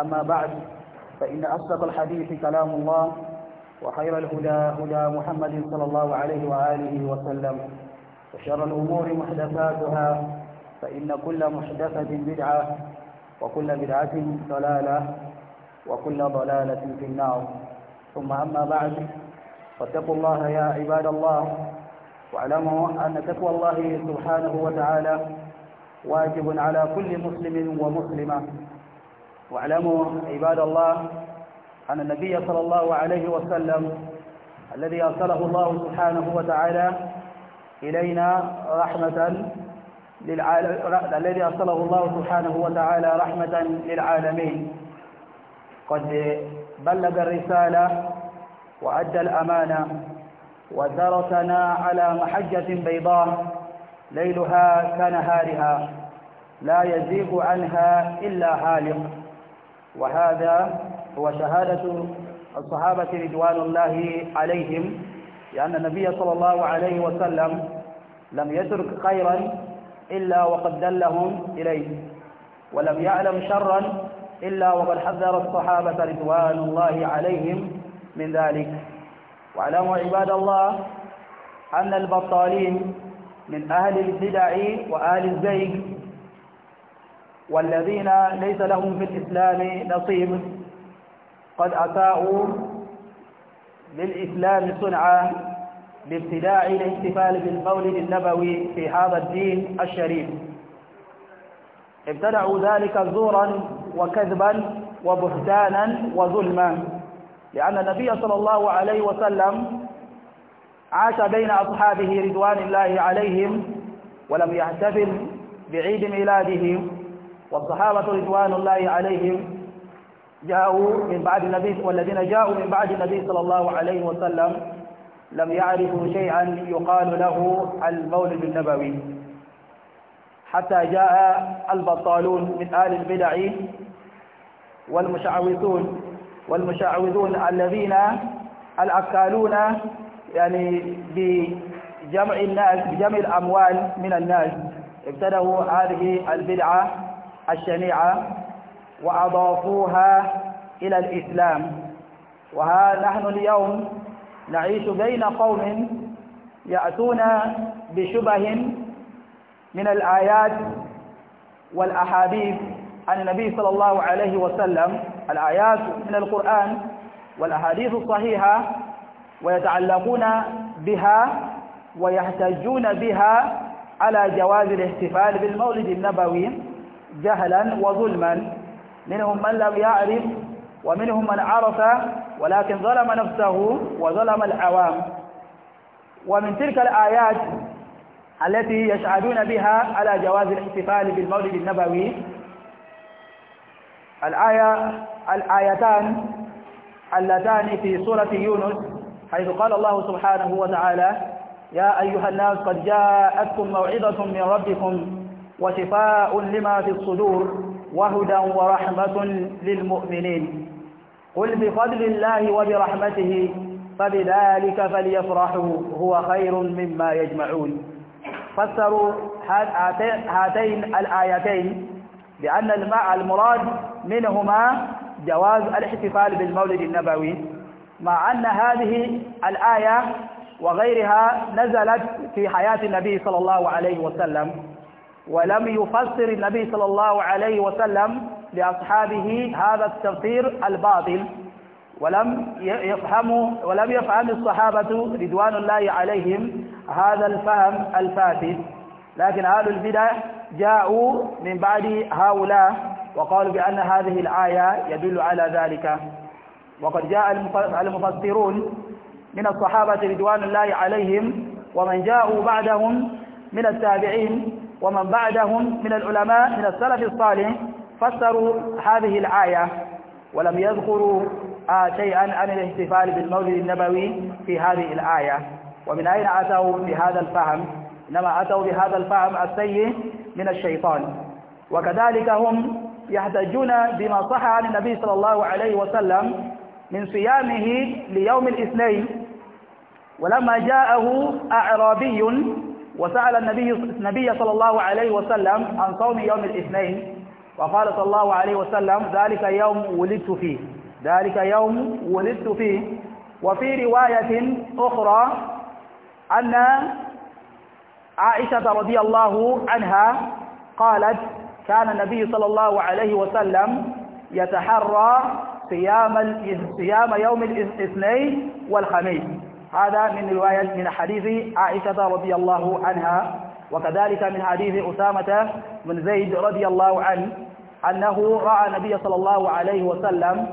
أما بعد فإن أصدق الحديث كلام الله وخير الهدى هدى محمد صلى الله عليه وآله وسلم وشر الأمور محدثاتها فإن كل محدثة بدعة وكل بدعة ضلالة وكل ضلالة في النار ثم أما بعد فاتقوا الله يا عباد الله واعلموا أن تقوى الله سبحانه وتعالى واجب على كل مسلم ومسلمة واعلموا عباد الله أن النبي صلى الله عليه وسلم الذي أرسله الله سبحانه وتعالى إلينا رحمة للعالم الذي أرسله الله سبحانه وتعالى رحمة للعالمين قد بلغ الرسالة وأدى الأمانة ودرسنا على محجة بيضاء ليلها كنهارها لا يزيغ عنها إلا هالق وهذا هو شهادة الصحابة رضوان الله عليهم لأن النبي صلى الله عليه وسلم لم يترك خيرا إلا وقد دلهم إليه ولم يعلم شرا إلا وقد حذر الصحابة رضوان الله عليهم من ذلك واعلموا عباد الله أن البطالين من أهل البدع وأهل الزيغ والذين ليس لهم في الإسلام نصيب قد أساءوا للإسلام صنعا بابتداع الاحتفال بالمولد النبوي في هذا الدين الشريف ابتدعوا ذلك زورا وكذبا وبهتانا وظلما لأن النبي صلى الله عليه وسلم عاش بين أصحابه رضوان الله عليهم ولم يحتفل بعيد ميلاده والصحابة رضوان الله عليهم جاءوا من بعد النبي والذين جاءوا من بعد النبي صلى الله عليه وسلم لم يعرفوا شيئا يقال له المولد النبوي حتى جاء البطالون من آل البدع والمشعوذون والمشعوذون الذين الأكالون يعني بجمع الناس بجمع الأموال من الناس ابتدوا هذه البدعة الشنيعة وأضافوها إلى الإسلام وها نحن اليوم نعيش بين قوم يأتون بشبه من الآيات والأحاديث عن النبي صلى الله عليه وسلم الآيات من القرآن والأحاديث الصحيحة ويتعلقون بها ويحتجون بها على جواز الاحتفال بالمولد النبوي جهلا وظلما منهم من لم يعرف ومنهم من عرف ولكن ظلم نفسه وظلم العوام ومن تلك الآيات التي يشهدون بها على جواز الاحتفال بالمولد النبوي الآية الآيتان اللتان في سورة يونس حيث قال الله سبحانه وتعالى يا أيها الناس قد جاءتكم موعظة من ربكم وشفاء لما في الصدور وهدى ورحمة للمؤمنين قل بفضل الله وبرحمته فبذلك فليفرحوا هو خير مما يجمعون فسروا هاتين الآيتين بأن الماء المراد منهما جواز الاحتفال بالمولد النبوي مع أن هذه الآية وغيرها نزلت في حياة النبي صلى الله عليه وسلم ولم يفسر النبي صلى الله عليه وسلم لأصحابه هذا التفسير الباطل ولم يفهموا ولم يفهم الصحابة رضوان الله عليهم هذا الفهم الفاسد لكن أهل البدع جاءوا من بعد هؤلاء وقالوا بأن هذه الآية يدل على ذلك وقد جاء المفسرون من الصحابة رضوان الله عليهم ومن جاءوا بعدهم من التابعين ومن بعدهم من العلماء من السلف الصالح فسروا هذه الآية ولم يذكروا آه، شيئا عن الاحتفال بالمولد النبوي في هذه الآية ومن أين أتوا بهذا الفهم إنما أتوا بهذا الفهم السيء من الشيطان وكذلك هم يحتجون بما صح عن النبي صلى الله عليه وسلم من صيامه ليوم الاثنين ولما جاءه أعرابي وسأل النبي النبي صلى الله عليه وسلم عن صوم يوم الاثنين وقال صلى الله عليه وسلم ذلك يوم ولدت فيه ذلك يوم ولدت فيه وفي رواية أخرى أن عائشة رضي الله عنها قالت كان النبي صلى الله عليه وسلم يتحرى صيام صيام يوم الاثنين والخميس هذا من رواية من حديث عائشة رضي الله عنها وكذلك من حديث أسامة بن زيد رضي الله عنه أنه رأى النبي صلى الله عليه وسلم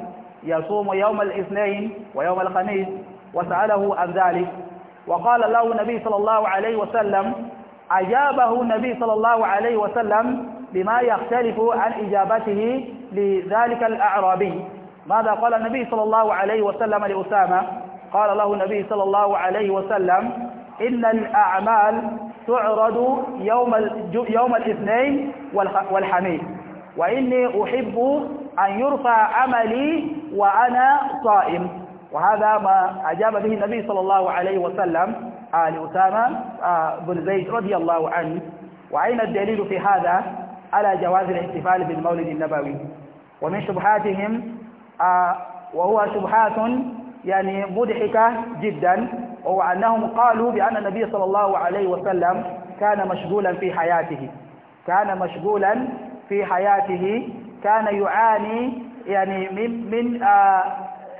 يصوم يوم الاثنين ويوم الخميس وسأله عن ذلك وقال له النبي صلى الله عليه وسلم أجابه النبي صلى الله عليه وسلم بما يختلف عن إجابته لذلك الأعرابي ماذا قال النبي صلى الله عليه وسلم لأسامة قال له النبي صلى الله عليه وسلم إن الأعمال تعرض يوم يوم الاثنين والحميد وإني أحب أن يرفع عملي وأنا صائم وهذا ما أجاب به النبي صلى الله عليه وسلم آل أسامة آه، بن زيد رضي الله عنه وأين الدليل في هذا على جواز الاحتفال بالمولد النبوي ومن شبهاتهم آه، وهو شبهات يعني مضحكة جدا أو أنهم قالوا بأن النبي صلى الله عليه وسلم كان مشغولا في حياته كان مشغولا في حياته كان يعاني يعني من من آه،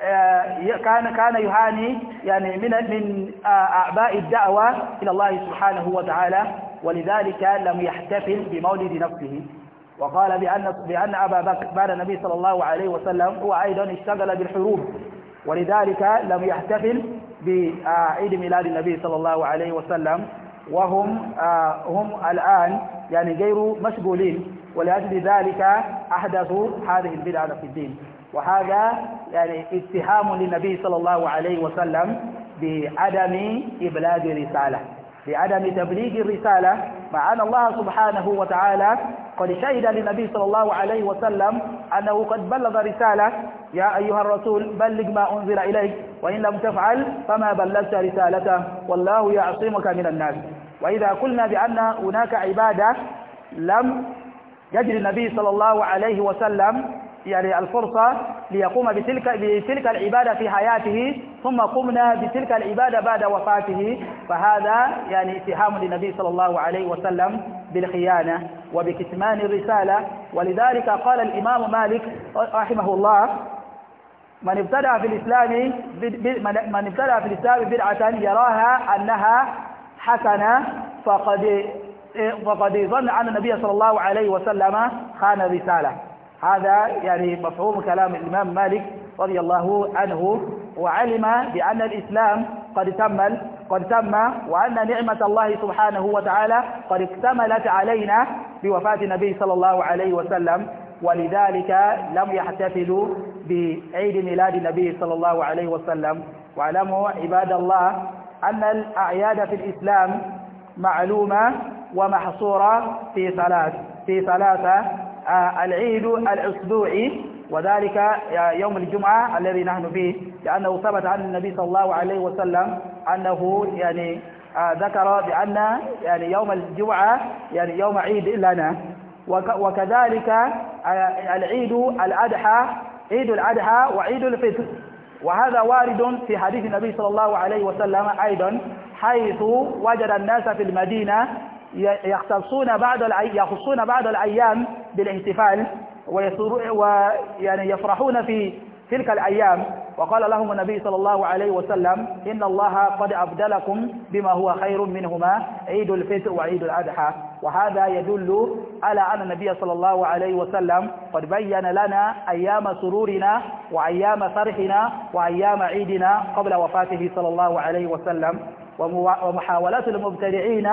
آه، كان كان يعاني يعني من من آه، أعباء الدعوة إلى الله سبحانه وتعالى ولذلك لم يحتفل بمولد نفسه وقال بأن بأن أبا بكر بعد النبي صلى الله عليه وسلم هو أيضا اشتغل بالحروب ولذلك لم يحتفل بعيد ميلاد النبي صلى الله عليه وسلم وهم آه، هم الآن يعني غير مشغولين ولأجل ذلك أحدثوا هذه البدعة في الدين وهذا يعني اتهام للنبي صلى الله عليه وسلم بعدم إبلاغ رسالة لعدم تبليغ الرسالة مع أن الله سبحانه وتعالى قد شهد للنبي صلى الله عليه وسلم أنه قد بلغ رسالة يا أيها الرسول بلغ ما أنزل إليك وإن لم تفعل فما بلغت رسالته والله يعصمك من الناس وإذا قلنا بأن هناك عبادة لم يجري النبي صلى الله عليه وسلم يعني الفرصة ليقوم بتلك بتلك العبادة في حياته ثم قمنا بتلك العبادة بعد وفاته فهذا يعني اتهام للنبي صلى الله عليه وسلم بالخيانة وبكتمان الرسالة ولذلك قال الإمام مالك رحمه الله من ابتدع في الإسلام من ابتدع في الإسلام بدعة يراها أنها حسنة فقد فقد ظن أن النبي صلى الله عليه وسلم خان الرسالة هذا يعني مفهوم كلام الإمام مالك رضي الله عنه وعلم بأن الإسلام قد تم قد تم وأن نعمة الله سبحانه وتعالى قد اكتملت علينا بوفاة النبي صلى الله عليه وسلم ولذلك لم يحتفلوا بعيد ميلاد النبي صلى الله عليه وسلم واعلموا عباد الله أن الأعياد في الإسلام معلومة ومحصورة في ثلاث في ثلاثة آه، العيد الأسبوعي وذلك آه، يوم الجمعة الذي نحن فيه لأنه ثبت عن النبي صلى الله عليه وسلم أنه يعني آه، ذكر بأن يعني يوم الجمعة يعني يوم عيد لنا وكذلك العيد الأضحى عيد الأضحى وعيد الفطر وهذا وارد في حديث النبي صلى الله عليه وسلم أيضا حيث وجد الناس في المدينة يختصون بعد يخصون بعض الأيام بالاحتفال ويعني يفرحون في تلك الأيام وقال لهم النبي صلى الله عليه وسلم إن الله قد أبدلكم بما هو خير منهما عيد الفطر وعيد الأضحى وهذا يدل على أن النبي صلى الله عليه وسلم قد بين لنا أيام سرورنا وأيام فرحنا وأيام عيدنا قبل وفاته صلى الله عليه وسلم ومحاولات المبتدعين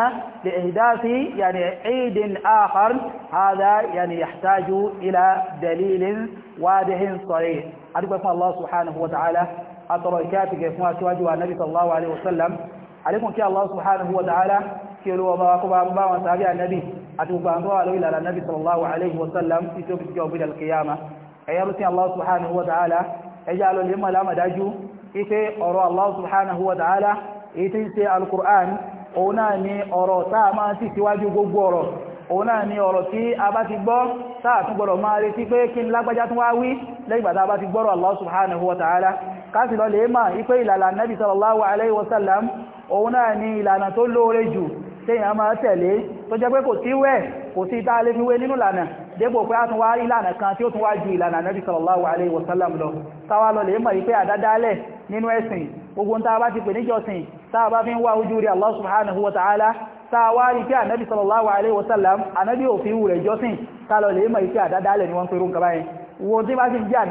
لإهداف يعني عيد آخر هذا يعني يحتاج إلى دليل واضح صريح أدعو الله سبحانه وتعالى أترى الكاتب فما سواجه النبي صلى الله عليه وسلم عليكم كي الله سبحانه وتعالى كي لو باقوا بما سابع النبي أتوبانوا له إلى النبي صلى الله عليه وسلم في إلى القيامة أيرسي الله سبحانه وتعالى أجعل lọ لا مداجو lámàdájú أرى الله سبحانه وتعالى èyí tí ń ṣe alukur'an òun náà ni ọ̀rọ̀ tá a máa sì síwájú gbogbo ọ̀rọ̀ òun náà ni ọ̀rọ̀ tí a bá ti gbọ́ sáà tún gbọ́dọ̀ máa retí pé kí ni lágbájá tún wá wí lẹ́yìn bàtà bá ti gbọ́rọ̀ Allah subhanahu wa ta'ala káàsì lọ lè máa ipé ìlànà nabi sallallahu dépò pé a tún wá rí ìlànà kan tí ó tún wá ju ìlànà Ànábì sallallahu alaihi wasallam lọ táwa lọ lè mọ̀ wípé àdádálẹ̀ nínú ẹ̀sìn gbogbo ń tàbá ti pè níjọsìn tàbá fi ń wá ojú rí Allah subhanahu wa ta'ala tàwá rí pé Ànábì sallallahu alaihi wasallam Ànábì òfin rẹ̀ jọsìn tàlọ lè mọ̀ wípé àdádálẹ̀ ni wọ́n pẹ̀rú nǹkan báyìí wo tí bá ti jẹ́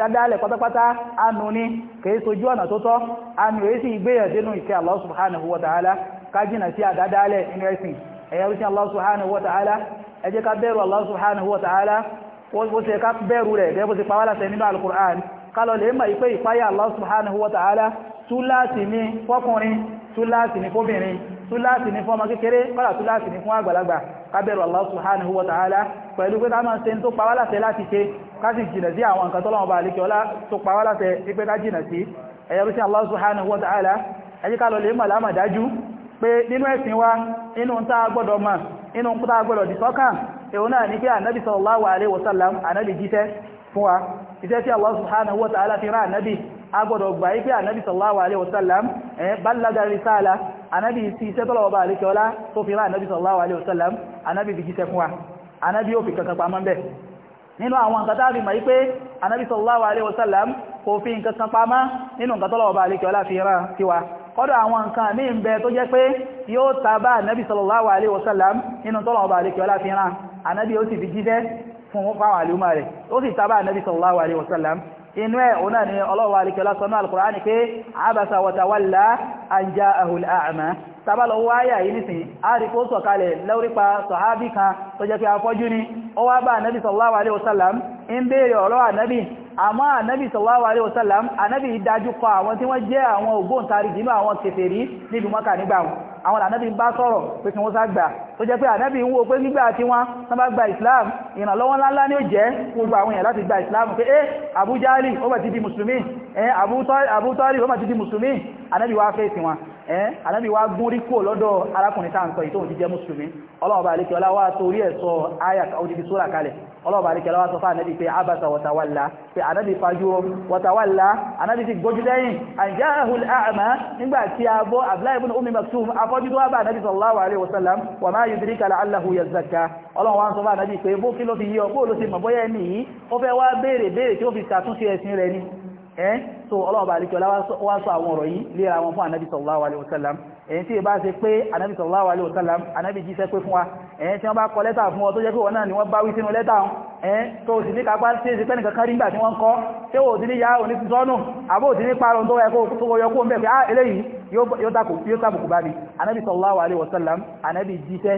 àdádálẹ̀ ẹ̀yà rúsí Allah ẹ jẹ́ ká bẹ̀rù Allah subhanahu wa ta'ala wọ́n ṣe ká bẹ̀rù rẹ̀ gẹ́gẹ́ bó ṣe pàwàlá sẹ nínú al-Qur'an kálọ̀ lè mọ̀ ìpé ìpáyà Allah subhanahu wa ta'ala túláàsì ní fọ́kùnrin túláàsì ní fóbìnrin túláàsì ní fọ́mọ kékeré kọ́lá túláàsì ní fún àgbàlagbà ká bẹ̀rù Allah subhanahu wa ta'ala pẹ̀lú pé ká máa ṣe tó pàwàlá sẹ láti ṣe ká sì jìnà sí àwọn nǹkan tọ́lọ́wọ́ bá àlékẹ́ ọlá tó pàwàlá sẹ pé nínú ẹ̀sìn wa inú ń tá gbọ́dọ̀ mọ̀ inú kúta gbọ́dọ̀ di sọ́kàn èwo náà ní kí ànábì sallallahu alaihi wasallam ànábì jíṣẹ́ fún wa iṣẹ́ tí Allah subhanahu wa ta'ala fi rán ànábì agbọ́dọ̀ gbà yí pé ànábì sallallahu alaihi wasallam ballaga risala ànábì ti iṣẹ́ tọ́lọ̀ ọba àríkẹ́ọlá tó fi rán ànábì sallallahu alaihi wasallam ànábì fi jíṣẹ́ fún wa ànábì ó fi kankan pamọ́ bẹ́ẹ̀ nínú àwọn nǹkan tàbí ma ipé anábi sallallahu alaihi wasallam kò fi nǹkan kan kọ́dọ̀ àwọn nǹkan ní ìbẹ̀ tó jẹ́ pé yóò tàbá ànábì sallallahu alaihi wasallam nínú tọ́lọ̀ ọba àlékẹ́ ọlá fi rán ànábì ó sì fi jíṣẹ́ fún fáwọn àlúmà rẹ̀ ó sì tàbá ànábì sallallahu alaihi wasallam inú ẹ̀ òun náà ni ọlọ́wọ́ alìkẹ́lá sọ náà al-Qur'an ni pé abasa wa tawalla an ja'ahu al-a'ma tàbálọ̀wọ́ ayà yìí àmọ́ ànábì sallallahu alaihi wasallam ànábì dájú kọ àwọn tí wọ́n jẹ́ àwọn ògbóǹtarì nínú àwọn kèfèrí nílùú mọ́kà nígbà wọn àwọn ànábì ń bá sọ̀rọ̀ pé kí wọ́n sá gbà tó jẹ́ pé ànábì ń wo pé nígbà tí wọ́n tán gba islam ìrànlọ́wọ́ ńláńlá ní ó jẹ́ gbogbo àwọn èèyàn láti gba islam pé eh Abu Jali ó bẹ̀ ti di mùsùlùmí eh Abu Talib ó bẹ̀ ti di mùsùlùmí ànábì wá fèsì wọn eh ànábì wá gún rí kúrò lọ́dọ̀ arákùnrin tá à ń sọ ìtòhùn jíjẹ́ mùsùlùmí ọlọ́run bá lè kí ọlá wá torí ẹ̀ sọ ayat ó kalẹ̀ ọlọ́ọ̀bà àríkẹ́ lọ́wọ́ sọ fún ànábì pé abasa wọ̀tawàlá pé ànábì fajúro wọ̀tawàlá ànábì ti gbójú lẹ́yìn àjá ahùl àmà nígbà tí a bọ́ abdullahi umi maktum afọ́jú tó wá bá ànábì sallallahu alaihi wasallam wà máa yìí kala allahu ya zaka ọlọ́wọ́ wọn sọ fún ànábì pé bó kí ló fi ẹ́ eh? so ọlọ́ọ̀bà àríkẹ́ wá sọ àwọn ọ̀rọ̀ yìí léra wọn fún ànábì sallallahu alaihi wasallam èyí tí ìbá ṣe pé ànábì sallallahu alaihi wasallam ànábì jíṣẹ́ pé fún wa ẹ̀yìn tí wọ́n bá kọ lẹ́tà fún ọ tó jẹ́ pé wọ́n náà ni wọ́n bá wí sínú lẹ́tà ẹ̀yìn tó sì ní kápá tí èsì pẹ́nìkan kárí ńgbà tí wọ́n kọ́ tí ó ti ní ya òní ti sọ́nù àbó ti ní parun tó ẹkọ́ tó yọ kó ń bẹ̀ pé á ah, eléyìí yóò tàbùkù bá mi ànábì sallallahu alaihi wasallam ànábì jíṣẹ́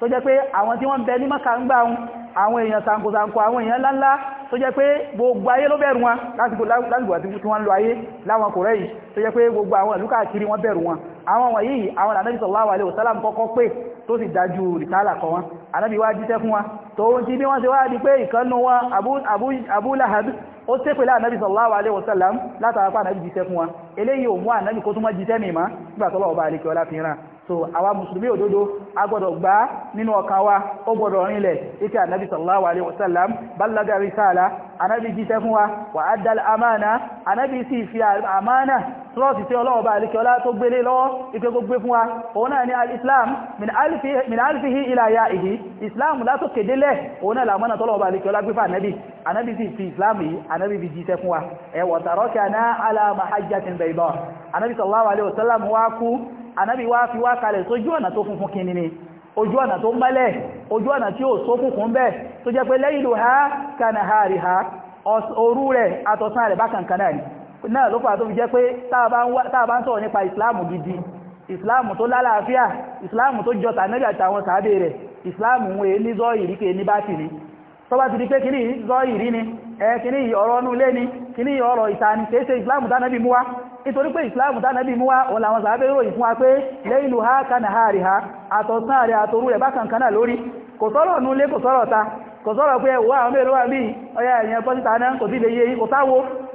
tó jẹ́ pé àwọn tí wọ́n bẹ ní mọ́ka ń gbà ń àwọn èèyàn sàǹkòsàǹkò àwọn èèyàn ńláńlá tó jẹ́ pé gbogbo ayé ló bẹ̀rù wọn lásìkò àti tí wọ́n lọ ayé láwọn kò rẹ́yìí tó jẹ́ pé gbogbo àwọn ìlú káàkiri wọ́n bẹ̀rù wọn àwọn wọ̀nyí àwọn ànábì sallallahu alaihi wasallam kọ́kọ́ pé tó sì dájú rìtálà kọ wọn ànábì wá jíṣẹ́ fún wọn tó ń ti bí wọ́n ṣe wá di pé ìkànnù wọn Abu Lahab ó tẹ́ pẹ̀lá ànábì sallallahu alaihi wasallam látàrápá ànábì jíṣẹ́ fún wọn eléyìí ò mú ànábì kó tún mọ́ jíṣẹ́ mìíràn nígbàtọ́lọ̀ ọba àríkẹ́ ọlá fi ràn so àwa mùsùlùmí òdodo a gbọ́dọ̀ gbà nínú ọkàn wa ó gbọ́dọ̀ rinlẹ̀ ike ànábì sallallahu alaihi wasallam ballaga risala ànábì jíṣẹ́ fún wa wa addal amana ànábì sì fi amana trọ́ọ̀tì tí ọlọ́wọ́ bá alikẹ́ ọlá tó gbélé lọ́wọ́ ike gbogbo fún wa òun náà ni al-islam min alifihi ilaya ihi islam látò kédélẹ̀ òun náà làmọ́nà tọ́lọ́wọ́ bá alikẹ́ ọlá gbé fún ànábì ànábì sì fi islam yìí ànábì fi jíṣẹ́ fún wa ẹ̀wọ̀ tàrọ́kẹ́ àná alá mahajjatin bayda ànábì sallallahu alaihi wasallam wá kú anábì wá fi wá kalẹ̀ sójú ọ̀nà tó funfun kìíní ni ojú ọ̀nà tó mẹ́lẹ̀ ojú ọ̀nà tí ó sókùnkùn bẹ́ tó jẹ́ pé lẹ́yìnlò ha kànà ha rí ha òru rẹ̀ àtọ̀sán rẹ̀ bákankan gidi ìsìláàmù tó lálàáfíà ìsìláàmù tó jọta nẹ́bí àtàwọn sàábé rẹ̀ ìsìláàmù wọn èé ní zọ́ọ̀yì rí pé ní bá ti ni ẹ kìíní ọ̀rọ̀ ọnú ni kìíní ọ̀rọ̀ ìtaní kìí ṣe ìsìláàmù tánàbí mú wá nítorí pé ìsìláàmù tánàbí mú wá òun làwọn sàábẹ́ ròyìn fún wa pé lẹ́yìnlú ha kànà ha rí ha àtọ̀sán rẹ̀ àtorú rẹ̀ bákan kaná lórí kò sọ́rọ̀ nulé kò sọ́rọ̀ ta kò sọ́rọ̀ pé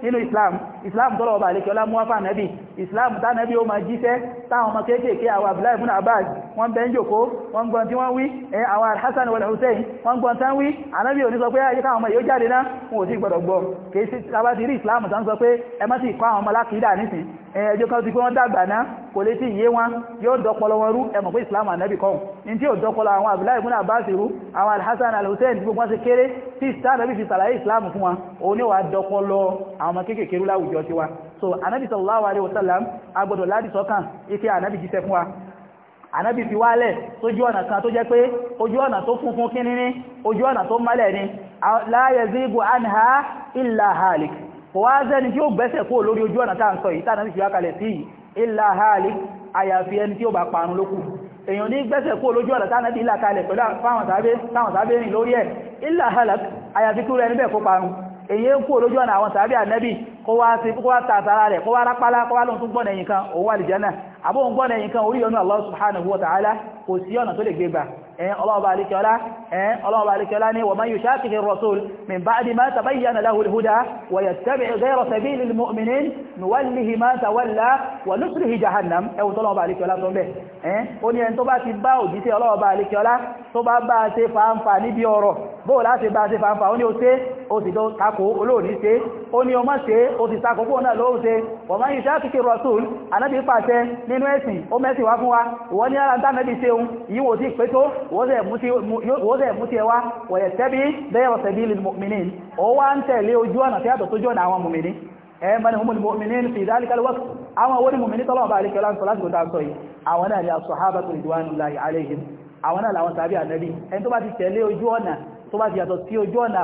nínú islam islam tọ́lọ̀ ọba àlekẹ́ ọlá mú wáfà nẹ́bì islam tánẹ́bì ó ma jíṣẹ́ táwọn ọmọ kéékèèké àwọn abdullahi ibn abbas wọ́n bẹ́ ń jòkó wọ́n gbọ́n tí wọ́n wí àwọn alhassan wal hussein wọ́n gbọ́n tán wí anábì ò ní sọ pé ayé káwọn ọmọ yóò jáde náà wọn ò sí gbọ́dọ̀ kìí sí tàbá ti rí islam tán sọ pé ẹ má sì kọ́ àwọn ọmọ lákìídà nísìn ẹjọ́ kan ti pé wọ́n dàgbà náà kò lè tí ìyé wọn yóò dọ́pọlọ wọn rú ẹmọ̀ pé islam ànábì kan ní tí ò dọ́pọlọ àwọn abdullahi ibn abbas rú àwọn alhassan alhussein gbogbo wọn ṣe kéré tí ìsìtá islam fún wọn òun ni ọmọ kéèkéé rú láwùjọ ti wa so anábì sallallahu alaihi wasallam agbọ́dọ̀ láti sọ́kàn ike anábì jíṣẹ́ fún wa anábì fi wálẹ̀ sójú ọ̀nà kan tó jẹ́ pé ojú ọ̀nà tó funfun kíní ní ojú ọ̀nà tó mọ́lẹ̀ ni la yazigu anha illa halik kò wá zẹ́ni tí ó gbẹ́sẹ̀ kó lórí ojú ọ̀nà tá à ń sọ yìí tá ànábì fi wá kalẹ̀ sí illa halik àyàfi ẹni tí ó bá parun lókù èèyàn ní gbẹ́sẹ̀ kó lójú ọ̀nà tánàbí ìlàkalẹ̀ pẹ̀lú fáwọn sábẹ́ lórí ẹ̀ illa halak àyàfi kúrò ẹni bẹ́ẹ̀ kó parun èyí ń kúrò lójú ọ̀nà àwọn tàbí ànẹ́bì kó wá sí kó wá tààtàrà rẹ̀ kó wá rápálá kó wá lóhun tó gbọ́nà ẹ̀yìn kan òun wà lìjẹ́ náà àbóhun gbọ́nà ẹ̀yìn kan orí ọ̀nà Allah subhanahu wa ta'ala kò sí ọ̀nà tó lè gbé gbà ọlọ́ọ̀bá alikẹ́ọlá ọlọ́ọ̀bá alikẹ́ọlá ní wọ̀má yóò ṣáàkiri rọ̀sùl min bá di máa tàbí yana lahul huda wà yà tẹ́bẹ̀ gẹ́rọ tàbí ilil mu'minin nuwallihi máa tawalla wà nusrihi jahannam ẹwùn tọ́lọ́ọ̀bá alikẹ́ọlá tó náà lóòó ṣe wọ̀má yìí ẹ̀sìn ó mẹ́sìn wá fún wa ìwọ ní ara ń tánàbì ṣe òun yíwò tí pé tó wọ́sẹ̀ mú tí ẹwà wọ̀yẹ̀ tẹ́bí bẹ́ẹ̀rọ̀ tẹ́bí lil mu'minin ó wá ń tẹ̀lé ojú ọ̀nà tí àtọ̀ tójú ọ̀nà àwọn mùmìnì ẹ̀mọ́ni humul mu'minin fi dhalika alwaqt àwọn owó ni mùmìnì tọ́lọ̀ bá àríkẹ́ láti láti náà àwọn náà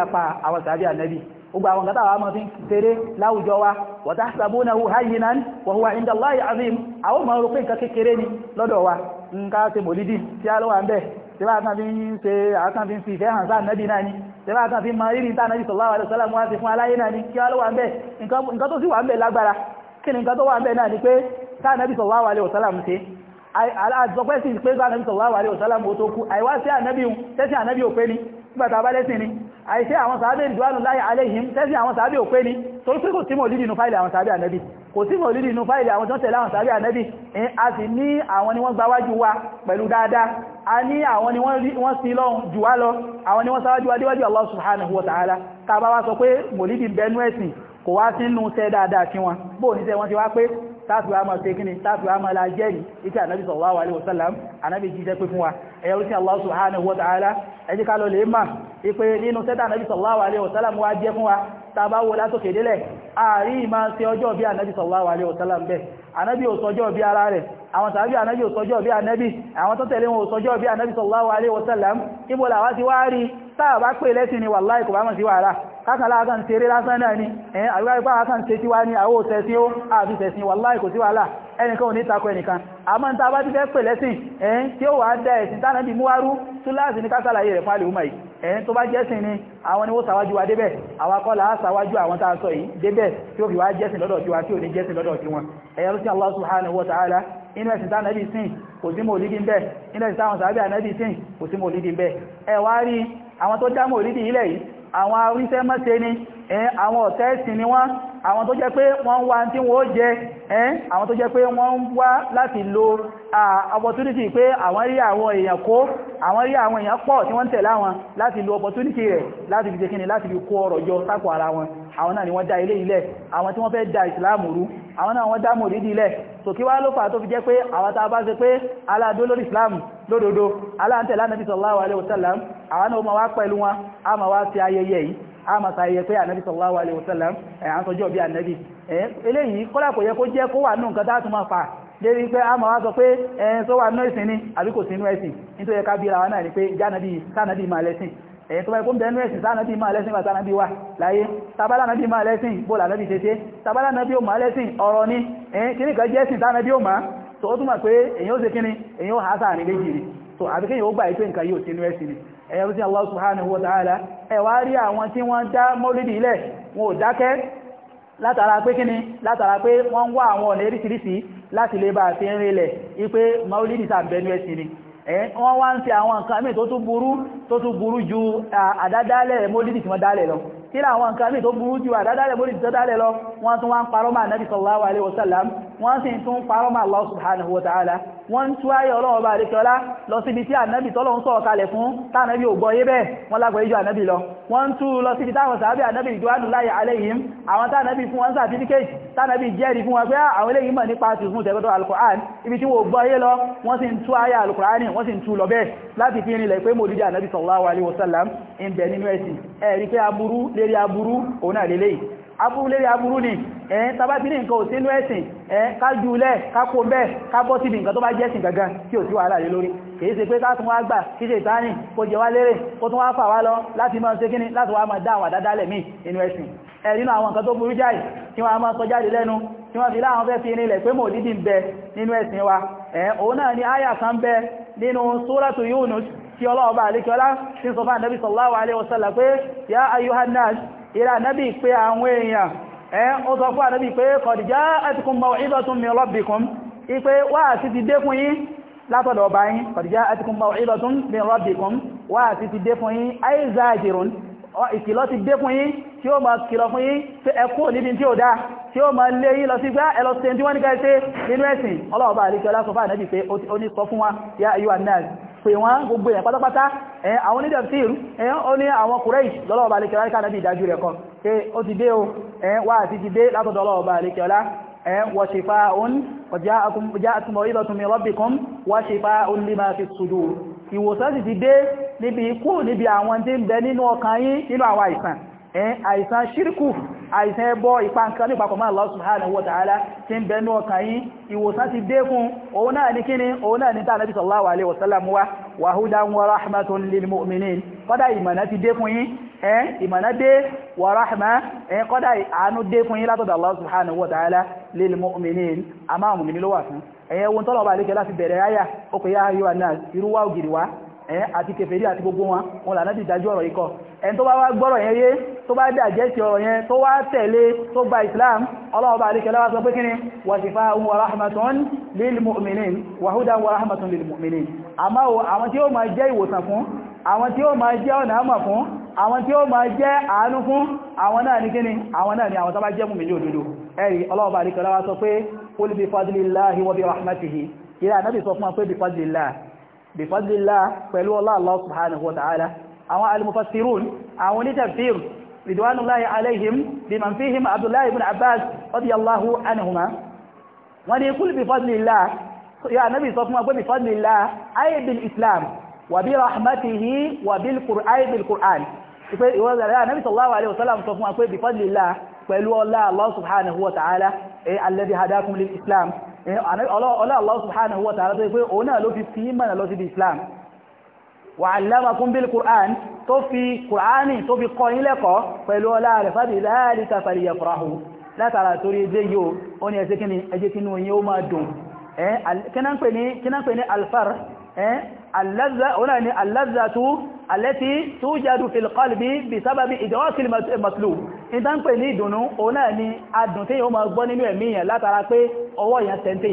yapa àwọn sàbí ànábì gbogbo àwọn nǹkan táwọn máa fi ń ṣeré láwùjọ wa wa tahsabunahu hayyinan wa huwa inda Allahi azim àwọn máa rò pé kékeré ni lọ́dọ̀ wa nǹkan ṣe mòlídì tí a lọ́wà ń bẹ̀ tẹ́lá kan fi ń ṣe àkàn fi ń fi ìfẹ́ hàn sáà sallallahu alaihi wasallam wá sí fún aláyé náà ni kí wá ló wà ń bẹ̀ nǹkan tó sì wà ń bẹ̀ lágbára kí ni nǹkan tó wà ń bẹ̀ náà ni pé tánàbì sallallahu alaihi sallallahu alaihi wasallam ó tó kú àìwá sí ànẹ́bì tẹ́sí ni gbàtà bá lẹ́sìn ni àìṣẹ́ àwọn sàábẹ̀ ìdúwàlù láyé aléhìm tẹ́sí àwọn sàábẹ̀ òpé ni torí pé kò tí mò lídì inú fáìlì àwọn sàábẹ̀ ànẹ́bì kò tí mò lídì inú fáìlì àwọn tó tẹ̀lé àwọn sàábẹ̀ ànẹ́bì a sì ní àwọn ni wọ́n gbáwájú wa pẹ̀lú dáadáa a ní àwọn ni wọ́n sí lọ́hùn jù wá lọ àwọn ni wọ́n sáwájú wa déwájú Allah subhanahu wa ta'ala tá a bá wá sọ pé mòlídì bẹnu ẹ̀sìn kò wá sínú tẹ́ dáadáa sí wọn bóò ní tẹ́ wọ́n ti wá pé táàfì wa máa ṣe kíni táàfì wa máa la jẹ́rìí ìtí ànábì sallallahu alaihi wasallam ànábì jíjẹ́ pé fún wa ẹ̀yọ́ sí Allah subhanahu wa ta'ala ẹjí ká lọ lè mà ìpé nínú sẹ́tà ànábì sallallahu alaihi wasallam wa jẹ́ fún wa tàbá wo látòkè délẹ̀ ààrí ìmá ṣe ọjọ́ bí ànábì sallallahu alaihi wasallam bẹ́ẹ̀ ànábì ò sọjọ́ bí ara rẹ̀ táà bá pè lẹ́sìn ni wàláì kò bá mọ̀ sí wàhálà kákànlá àkàn tèrè lásán náà ni ẹ̀yìn àríwárípá àkàn tẹ́ tíwá ní àwọ́ tẹ́sí ó àbí tẹ́sí wàláì kò sí wàhálà ẹnìkan ò ní takọ ẹnìkan àmọ́ ń ta bá ti fẹ́ pè lẹ́sìn ẹ̀yìn tí ó wà dá ẹ̀sìn tánà bí múwárú túláàsì ní kásàlàyé rẹ̀ fálẹ̀ ọmọ yìí ẹ̀yìn tó bá jẹ́sìn ni àwọn ni ó sàwájú wa débẹ̀ àwọn akọ́là á sàwájú àwọn tá a sọ yìí débẹ̀ tí ó fi wá jẹ́sìn lọ́dọ̀ tiwa tí ò ní jẹ́sìn lọ́dọ̀ tiwọn ẹ̀yà rúsí Allah subhanahu wa ta'ala inú ẹ̀sìn tánà bí sìn kò sí mò lídìí bẹ́ẹ̀ inú ẹ̀sìn táwọn sàábẹ̀ ànábì sìn kò sí mò lídìí bẹ́ẹ̀ ẹ̀ wá rí àwọn tó já mọ̀ orídìí ilẹ̀ yìí àwọn arísẹ́mọ́sẹ́ ni àwọn ọ̀tẹ́ẹ̀sìn ni wọ́n àwọn tó jẹ́ pé wọ́n ń wá tí wọ́n jẹ ẹ́n àwọn tó jẹ́ pé wọ́n ń wá láti lo opportunity pé àwọn rí àwọn èèyàn kó àwọn rí àwọn èèyàn pọ̀ tí wọ́n ń tẹ̀lé àwọn láti lo opportunity rẹ̀ láti fi jẹ́ kíni láti fi kó ọrọ̀ jọ sápò ara wọn àwọn náà ni wọ́n dá ilé ilẹ̀ àwọn tí wọ́n fẹ́ dá ìsìláàmù rú àwọn náà wọ́n dá mòrídìí ilẹ̀ so kí wá ló fà tó fi jẹ́ pé àwọn tàbá ṣe pé aládó lórí Islam lódodo aláǹtẹ̀lá nàbí sallallahu alaihi wasallam àwọn náà ma wá pẹ̀lú wọn a ma wá sí ayẹyẹ yìí a máa ṣayẹyẹ pé ànábì sallallahu alaihi wasallam ẹ̀ à ń sọjọ́ bí ànábì eléyìí kọ́lá kò yẹ kó jẹ́ kó wà nù nǹkan tá a tún máa fà débi pé a máa wá sọ pé ẹ̀yìn tó wà nù ẹ̀sìn ni àbí kò sínú ẹ̀sìn nítorí ẹ̀ka bí ara wa náà ni pé jánàbí sánàbí máa lẹ́sìn èyí tó bá ikú bẹ̀rẹ̀ ẹ̀sìn sánàbí máa lẹ́sìn bá sánàbí wà láyé tàbálà náà bí máa lẹ́sìn bóòlà náà bí ṣe ṣe tàbálà náà bí ó máa lẹ́sìn ọ̀rọ̀ ni èyí kìníkà jẹ́sìn sánàbí ó máa tó túnmà pé èyí ó ṣe kíni èyí ó hásà ní méjì ni so àbíkẹ́yìn ó ẹ̀yọ́ sí Allah subhanahu wa ta'ala ẹ̀wà rí àwọn tí wọ́n dá mọ́lìdì ilẹ̀ wọn ò dákẹ́ látara pé kíni látara pé wọ́n wá àwọn ọ̀nà láti lè bá fi ń ilẹ̀ ipé mọ́lìdì sàbẹ̀nú ẹ̀sìn kí láwọn nǹkan mìí tó burú jù àdádálẹ̀ mórí ìtọ́dálẹ̀ lọ wọ́n tún wá ń parọ́ máa Nabi sallallahu alaihi wasallam wọ́n sì tún parọ́ máa Allah subhanahu wa ta'ala wọ́n ń tú ayé ọlọ́wọ́ bá àríkọlá lọ síbi tí ànábì tọ́lọ́ ń sọ̀rọ̀ kalẹ̀ fún tánàbí ò gbọ́yé bẹ́ẹ̀ wọ́n lágbọ́ ìjọ ànábì lọ wọ́n ń tú lọ síbi táwọn sàábì ànábì ìjọ́wádù láyé aléyìn àwọn tánàbì fún wọn sàtífíkẹ́tì tánàbì jẹ́rìí fún wọn pé ah, àwọn eléyìí mọ̀ nípa ti fún tẹ̀gbọ́dọ̀ alukur'an ibi tí wọ́n gbọ́yé lọ wọ́n sì ń tú ayé alukur'an wọ́n sì ń tú lọ bẹ́ẹ̀ láti fi rinlẹ̀ lérí aburú òun náà lélẹ́yìí aburú lérí aburú ni ẹ̀ẹ́n tàbá tí ní nǹkan ò sínú ẹ̀sìn ẹ̀ẹ́ ká jùlẹ̀ ká kó bẹ́ẹ̀ ká bọ́ síbi nǹkan tó bá jẹ́sìn gangan tí ò sí wàhálà lé lórí kìí ṣe pé ká tún wá gbà kí ṣe ìtaánì kó jẹ wá lérè kó tún wá fà wá lọ láti máa ṣe kíní láti wá máa dá àwọn àdádálẹ̀ míì inú ẹ̀sìn ẹ̀rínú àwọn nǹkan tó burú jáì kí wọ́n máa sọ jáde lẹ́nu tí wọ́n fi láwọn fẹ́ fi ní ilẹ̀ pé mò dídì ń bẹ nínú ẹ̀sìn wa ẹ̀ òun náà ni áyà kan bẹ nínú Suratu Yunus tí ọlọ́wọ́ bá àlékọ́lá tí ń sọ fún ànábì sallallahu alaihi wasallam pé ya ayyuhan nas ìrà ànábì pé àwọn èèyàn ẹ́ ó sọ fún ànábì pé qad ja'atkum maw'izatun min rabbikum ipé wá àti ti dékun yín látọ̀dọ̀ ọba yín qad ja'atkum maw'izatun min rabbikum wá àti ti dékun yín ay zajirun ìkìlọ̀ ti dé fún yín tí ó ma kìlọ̀ fún yín tí ẹ kú níbi tí ó dá tí ó ma lé yín lọ sí gbá ah, ẹlọ́sẹ̀ tí wọ́n ní ká nínú ẹ̀sìn ọlọ́ọ̀bá àríkẹ́ ọlá sọ fún ànábì pé ó ní sọ fún wa ya ayyuhan nas pè wọ́n gbogbo èèyàn pátápátá ẹ̀ àwọn onídẹ̀ sí ìrú ẹ̀ ó ní àwọn kùrẹ́ lọ́lọ́ọ̀bà alẹ́kẹ̀ọ́lá ní kánàbí ìdájú rẹ̀ kan pé ó ti dé o ẹ̀ wá àti ti dé látọ̀dọ̀ ọlọ́ọ̀bà alẹ́kẹ̀ọ́lá ẹ̀ wọ̀ ṣèfà òun ọjá àtúmọ̀ ìlọ́túnmí rọ́bìkan wọ́n ṣèfà òun lè máa fi sùdù ìwòsàn sì ti dé níbi ikú níbi àwọn tí ń bẹ nínú ọkàn yín nínú àwọn àìsàn àìsàn ṣírkù àìsàn ẹbọ ìpa nǹkan ní ìpapọ̀ máa Allah subhanahu wa ta'ala tí ń bẹnu ọkàn yín ìwòsàn ti dékun òun náà ní kíni òun náà ní tàà Nabi sallallahu alaihi wasallam wa wa hudan wa rahmatun lil mu'minin kọ́dá ìmọ̀nà ti dékun yín ẹn ìmọ̀nà dé wa rahma ẹn kọ́dá àánú dékun yín látọ̀dọ̀ Allah subhanahu wa ta'ala lil mu'minin a máa mùmí ní ló wà fún ẹ̀yẹ wọn tọ́lọ̀ bá lékẹ́ láti bẹ̀rẹ̀ ayà ó pè yá yíwa náà irúwá ògìrì àti kèfèrí àti gbogbo wọn wọn lànà ti dájú ọ̀rọ̀ ikọ̀ ẹn tó bá wá gbọ́rọ̀ yẹn tó bá dàjẹ́ ti ọ̀rọ̀ yẹn tó wá tẹ̀lé tó gba islam ọlọ́ọ̀bá àríkẹ́ láwá sọ pé kíni wa shifa'un wa rahmatun lil mu'minin wa hudan wa rahmatun lil mu'minin àmọ́ àwọn tí ó máa jẹ́ ìwòsàn fún àwọn tí ó máa jẹ́ ọ̀nà àmà fún àwọn tí ó máa jẹ́ àánú fún àwọn náà ní kíni àwọn náà ni àwọn tó bá jẹ́ mùmìnì òdodo ẹ̀rí ọlọ́ọ̀bá àríkẹ́ láwá sọ pé qul bi fadlillahi wa bi rahmatihi ìrẹ́ ànábì sọ fún wa pé bi fadlillahi bi pẹ̀lú ọlá Allah àwọn al-mufassirun àwọn onítẹ̀fíìrù رضوان الله عليهم بمن فيهم عبد الله بن عباس رضي الله عنهما وني قل بفضل الله يا نبي صلى الله عليه وسلم بفضل الله أي بالإسلام وبرحمته وبالقرآن بالقرآن يا نبي صلى الله عليه وسلم صلى الله عليه وسلم بفضل الله pẹ̀lú ọlá Allah subhanahu wa ta'ala alladhi hadakum lil islam ọlá Allah subhanahu wa ta'ala tó yẹ pé òun náà ló fi fi mọ̀nà lọ sí islam wa allamakum bil Qur'an tó fi Qur'ani tó fi kọ́ yín lẹ́kọ̀ọ́ pẹ̀lú ọlá rẹ̀ fàbí dhalika falyafrahu látara torí ẹjẹ́ yóò ó ní ẹjẹ́ kíni ẹjẹ́ kínú yín ó máa dùn kínápẹ̀ ní alfar al-lazzatu allati tujadu fil qalbi bi sababi idrakil matlub ìdánpẹ̀ ní ìdùnnú òun náà ni adùn tí yíò máa gbọ́ nínú ẹ̀mí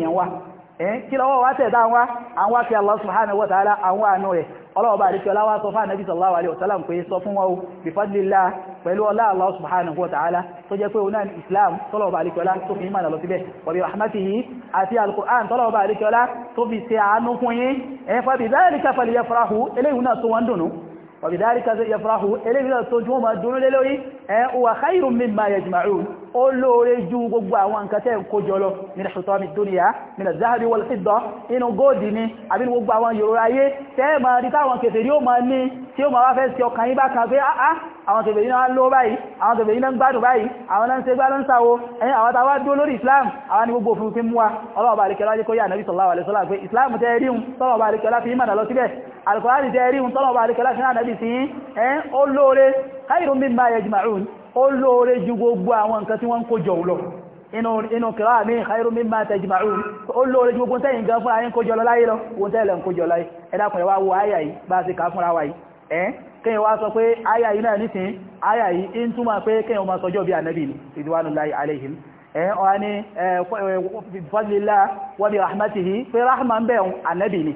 ọlọ́ọ̀bá àríkẹ́ ọláwá sọ fún ànábì sallallahu alaihi wasallam pé sọ fún wọn bí fadlillah pẹ̀lú ọlá Allah subhanahu wa ta'ala tó jẹ́ pé onáà islam tọ́lọ̀ọ̀bá àríkẹ́ ọlá tó fi ń mọ̀nà lọ síbẹ̀ wa bi rahmatihi àti al-Qur'an tọ́lọ̀ọ̀bá àríkẹ́ ọlá tó fi ṣe àánú fún yín ẹ̀fà bi dhalika falyafrahu eléyìí náà ó lóore ju gbogbo àwọn nǹkan tẹ́ ń kójọ lọ nínú ṣùtọ́ mi dúnìyà nínú záàrí wọlé fìdọ́ nínú góòdì ni àbí gbogbo àwọn yòrò ayé tẹ́ ma rí táwọn kèfèrí ó ma ní tí ó ma wá fẹ́ sí ọkàn yí bá kan pé áá ah, ah, àwọn kèfèrí náà ló báyìí àwọn kèfèrí náà ń gbádùn báyìí àwọn náà ń ṣe gbádùn sáwo ẹ̀yìn àwọn tàwa dúró lórí Islam àwọn ni gbogbo òfin fi mú wa khairun mimma yajma'un ó lóore ju gbogbo àwọn nǹkan tí wọ́n ń kó jọ lọ inú kìrá mi khairun mimma tajma'un ó lóore ju gbogbo tẹ́yìn gan fún ayé ń kó jọ lọ láyé lọ wọ́n tẹ́lẹ̀ ń kó jọ láyé ẹ̀dàkùnrin wá wo àyà yìí bá ti kà fúnra wa yìí ẹ́ kíyàn wá sọ pé àyà yìí náà nìsín àyà yìí ń túmọ̀ pé kíyàn rahmatihi pé rahma ń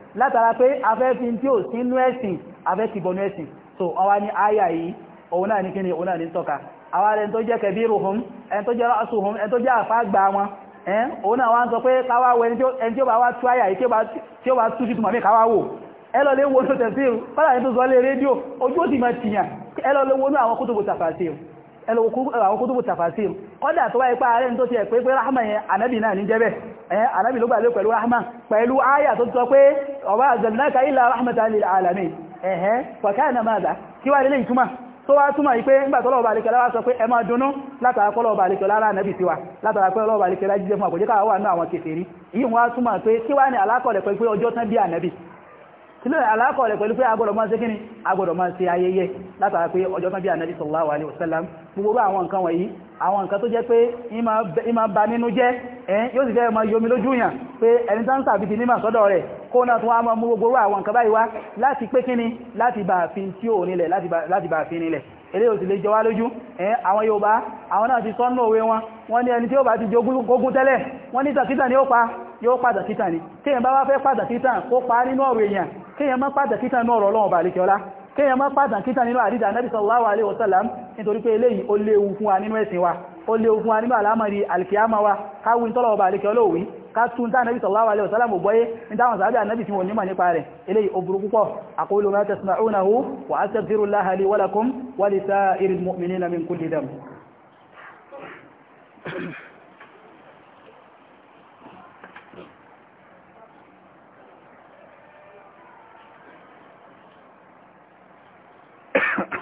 látara pé afẹ́ fi tí ò sí inú ẹ̀sìn afẹ́ ti bọ̀nú ẹ̀sìn so àwa ni àyà yìí òun náà ní kí ni òun náà ní tọ́ka àwa rẹ̀ tó jẹ́ kabiruhum ẹni tó jẹ́ ra'suhum ẹni tó jẹ́ àfá gbà wọn ẹn òun náà wá ń sọ pé káwá wo ẹni tí ó bá wá tú àyà yìí tí ó bá tú sí tùmọ̀ mí káwá wò ẹlọ́lé wo ló tẹ̀sí fọ́lá ní tó sọ lé rédíò ojú ó sì máa tìyàn ẹlọ́lé wo ní àwọn kótóbó tàfàṣe àwọn kútùbù tàfàsí kọ́dà tó wáyé pa ààrẹ tó ti ẹ̀ pé pé ráhàmà yẹn ànábì náà ní jẹ́bẹ̀ ẹ̀yẹn ànábì ló gbàlé pẹ̀lú ráhàmà pẹ̀lú áyà tó sọ pé ọba àzẹ̀lẹ́ka ilẹ̀ rahmatan lil alamin ẹ̀hẹ́ pàkánà máa dá kí wá lélẹ́ ìtumà tó wá túnmà yí pé ńgbàtọ́lọ̀ ọba àríkẹ́lá wá sọ pé ẹ máa dunú látara pé ọba àríkẹ́lá ara nàbì sí wa látara pé ọba àríkẹ́lá jíjẹ fún àkójẹ́ká wà ní àwọn kèfèrí yìí wá túnmà pé kí wá ní alákọ̀ọ́lẹ̀ pẹ̀lú ọjọ́ tán bí ànàbì kílò alákọ̀ rẹ̀ pẹ̀lú pé agbọ́dọ̀ máa ṣe kíni agbọ́dọ̀ máa ṣe ayẹyẹ látara pé ọjọ́ kan bí ànábì sallallahu alaihi wasallam gbogbo àwọn nǹkan wọ̀nyí àwọn nǹkan tó jẹ́ pé ima bà nínú jẹ́ ẹ̀yìn yóò sì fẹ́ ma yomi lójú yàn pé ẹni tán sàbí ti nímà sọ́dọ̀ rẹ̀ kó náà tún wá mọ́ mú gbogbo àwọn nǹkan báyìí wá láti pé kíni láti bá fi tí ò nílẹ̀ láti bá fi nílẹ̀ eré ò sì lè jọ lójú ẹ̀yìn àwọn Yorùbá àwọn náà ti sọ́nà òwe wọn wọ́n ní ẹni tí ó bá ti jogún tẹ́lẹ̀ wọ́n ní tàkítà ni ó pa yóò padà títà ní kéèyàn bá wá fẹ́ padà títà kó pa nínú ọ̀rọ̀ èèyàn kéèyàn má padà títà nínú ọ̀rọ̀ Ọlọ́run bá lè kíọlá kéèyàn má padà títà nínú àdídà Ànábì sallallahu alaihi wasallam nítorí pé eléyìí ó léwu fún wa nínú ẹ̀sìn wa ó léwu fún wa nínú àlámọ̀rí alkiyama wa káwí tọ́lọ̀ ọba àlekẹ́ olóòwí ká tún tá ànábì sallallahu alaihi wasallam gbọ́yé ní táwọn sàábì ànábì tí wọ́n nímọ̀ الحمد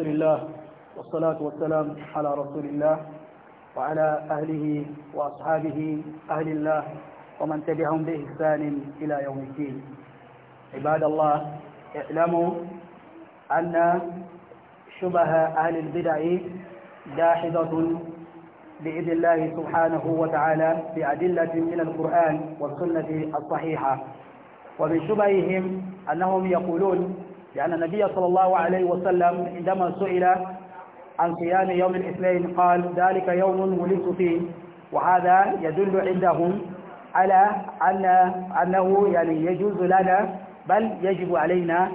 لله والصلاة والسلام على رسول الله وعلى أهله وأصحابه أهل الله ومن تبعهم بإحسان إلى يوم الدين عباد الله اعلموا أن شبه أهل البدع داحضة بإذن الله سبحانه وتعالى بأدلة من القرآن والسنة الصحيحة ومن شبههم أنهم يقولون لأن النبي صلى الله عليه وسلم عندما سئل عن قيام يوم الاثنين قال ذلك يوم ولدت فيه وهذا يدل عندهم على أن أنه يعني يجوز لنا بل يجب علينا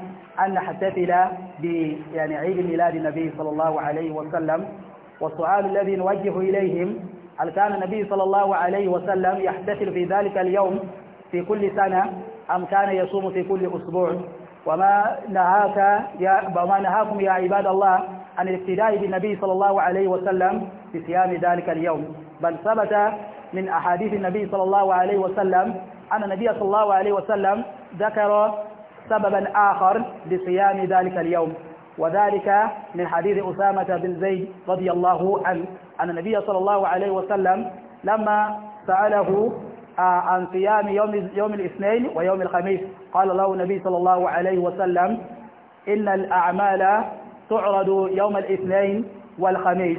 أن نحتفل يعني عيد ميلاد النبي صلى الله عليه وسلم والسؤال الذي نوجه إليهم هل كان النبي صلى الله عليه وسلم يحتفل في ذلك اليوم في كل سنة أم كان يصوم في كل أسبوع وما نهاك يا وما نهاكم يا عباد الله عن الابتداء بالنبي صلى الله عليه وسلم في صيام ذلك اليوم بل ثبت من أحاديث النبي صلى الله عليه وسلم أن النبي صلى الله عليه وسلم ذكر سببا آخر لصيام ذلك اليوم وذلك من حديث أسامة بن زيد رضي الله عنه أن النبي صلى الله عليه وسلم لما سأله آه، عن صيام يوم يوم الاثنين ويوم الخميس قال له النبي صلى الله عليه وسلم إن الأعمال تعرض يوم الاثنين والخميس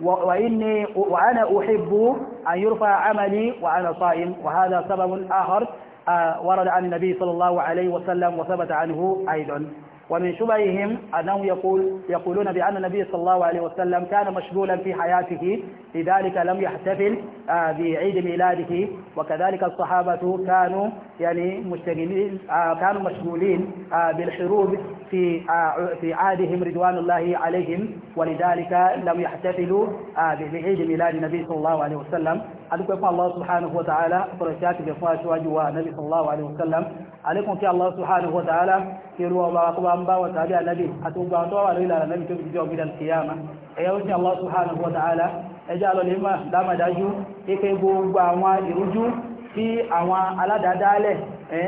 وإني وأنا أحب أن يرفع عملي وأنا صائم وهذا سبب آخر ورد عن النبي صلى الله عليه وسلم وثبت عنه أيضا ومن شبههم أنهم يقول يقولون بأن النبي صلى الله عليه وسلم كان مشغولا في حياته لذلك لم يحتفل آه، بعيد ميلاده وكذلك الصحابة كانوا يعني مشتغلين آه، كانوا مشغولين آه، بالحروب في آه، في عادهم رضوان الله عليهم ولذلك لم يحتفلوا بعيد ميلاد النبي صلى الله عليه وسلم عليكم الله سبحانه وتعالى فرشاك بفاش واجوا النبي صلى الله عليه وسلم عليكم في الله سبحانه وتعالى يروى الله أقوام با وتابع النبي أتوبى أتوبى إلى النبي تبدي يوم من القيامة أيوسني الله سبحانه وتعالى أجعل لهم دام داجو إكيبوا بأموال يرجو tí àwọn aládàádálẹ̀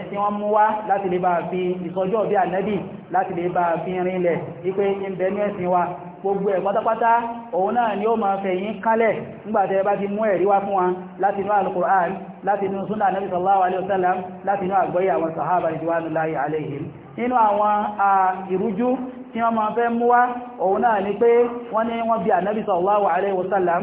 tí wọ́n mú wá láti lè bá fi ìsọjọ́ bí ànẹ́bì láti lè bá fi rinlẹ̀ wípé ìbẹ̀nú ẹ̀sìn wa gbogbo ẹ̀ pátápátá òun náà ni ó máa fẹ̀yìn kálẹ̀ nígbàtẹ́ bá ti mú ẹ̀rí wá fún wa láti inú al-Qur'an láti inú súnà Ànábì sallallahu alaihi wasallam láti inú àgbọ́yé àwọn sàhábà ridwanullahi alaihim nínú àwọn ìrújú tí wọ́n máa fẹ́ mú wá òun náà ni pé wọ́n ní wọ́n bi Ànábì sallallahu alaihi wasallam